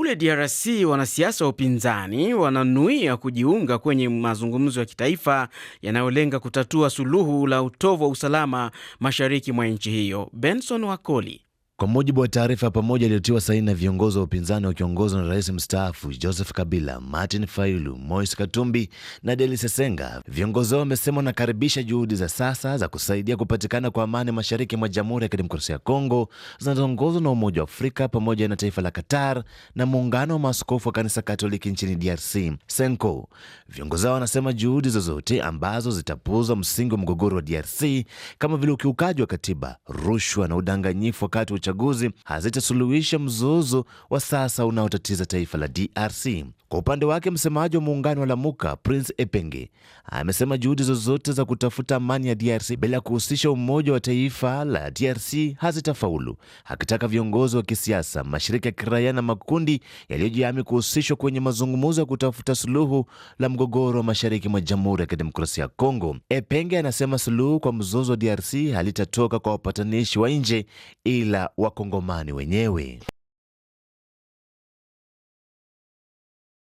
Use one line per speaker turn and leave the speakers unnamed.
Kule DRC wanasiasa wa upinzani wananuia kujiunga kwenye mazungumzo ya kitaifa yanayolenga kutatua suluhu la utovu wa usalama mashariki mwa nchi hiyo. Benson Wakoli
kwa mujibu wa taarifa ya pamoja iliyotiwa saini na viongozi wa upinzani wakiongozwa na rais mstaafu Joseph Kabila, Martin Fayulu, Moise Katumbi na Deli Sesenga, viongozi hao wamesema wanakaribisha juhudi za sasa za kusaidia kupatikana kwa amani mashariki mwa Jamhuri ya Kidemokrasia ya Kongo zinazoongozwa na Umoja wa Afrika pamoja na taifa la Qatar na muungano wa maaskofu wa kanisa Katoliki nchini DRC Senko. Viongozi hao wanasema juhudi zozote ambazo zitapuuza msingi wa mgogoro wa DRC kama vile ukiukaji wa katiba, rushwa na udanganyifu wakati wa uchaguzi hazitasuluhisha mzozo wa sasa unaotatiza taifa la DRC. Kwa upande wake, msemaji wa muungano wa Lamuka Prince Epenge amesema juhudi zozote za kutafuta amani ya DRC bila kuhusisha umoja wa taifa la DRC hazitafaulu, akitaka viongozi wa kisiasa, mashirika ya kiraia na makundi yaliyojihami kuhusishwa kwenye mazungumzo ya kutafuta suluhu la mgogoro wa mashariki mwa Jamhuri ya Kidemokrasia ya Kongo. Epenge anasema suluhu kwa mzozo wa DRC halitatoka kwa wapatanishi wa nje ila Wakongomani wenyewe.